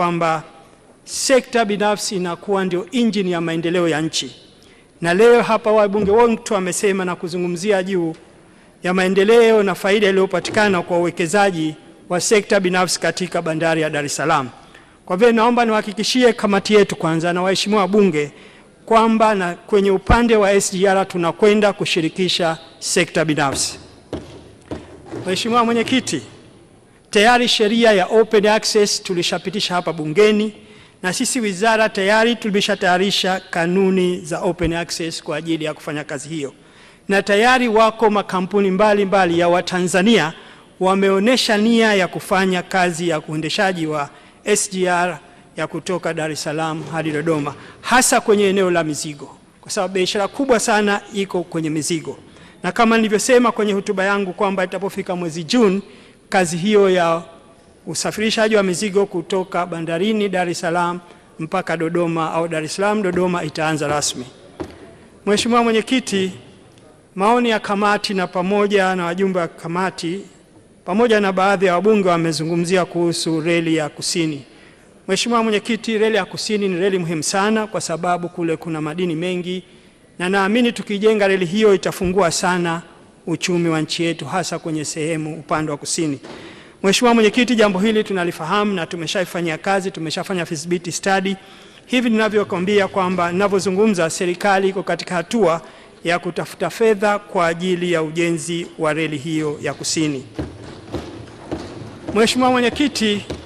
kwamba sekta binafsi inakuwa ndio injini ya maendeleo ya nchi, na leo hapa wabunge wote wamesema na kuzungumzia juu ya maendeleo na faida iliyopatikana kwa uwekezaji wa sekta binafsi katika bandari ya Dar es Salaam. Kwa vile naomba niwahakikishie kamati yetu kwanza na waheshimiwa wabunge kwamba na kwenye upande wa SGR tunakwenda kushirikisha sekta binafsi. Mheshimiwa Mwenyekiti, Tayari sheria ya open access tulishapitisha hapa bungeni na sisi wizara tayari tumeshatayarisha kanuni za open access kwa ajili ya kufanya kazi hiyo, na tayari wako makampuni mbalimbali mbali ya Watanzania wameonyesha nia ya kufanya kazi ya uendeshaji wa SGR ya kutoka Dar es Salaam hadi Dodoma, hasa kwenye eneo la mizigo, kwa sababu biashara kubwa sana iko kwenye mizigo, na kama nilivyosema kwenye hotuba yangu kwamba itapofika mwezi Juni kazi hiyo ya usafirishaji wa mizigo kutoka bandarini Dar es Salaam mpaka Dodoma au Dar es Salaam Dodoma itaanza rasmi. Mheshimiwa Mwenyekiti, maoni ya kamati na pamoja na wajumbe wa kamati pamoja na baadhi ya wabunge wamezungumzia kuhusu reli ya Kusini. Mheshimiwa Mwenyekiti, reli ya Kusini ni reli muhimu sana kwa sababu kule kuna madini mengi na naamini tukijenga reli hiyo itafungua sana uchumi wa nchi yetu, hasa kwenye sehemu upande wa kusini. Mheshimiwa Mwenyekiti, jambo hili tunalifahamu na tumeshaifanyia kazi, tumeshafanya feasibility study. Hivi ninavyokwambia kwamba ninavyozungumza, serikali iko katika hatua ya kutafuta fedha kwa ajili ya ujenzi wa reli hiyo ya kusini. Mheshimiwa Mwenyekiti,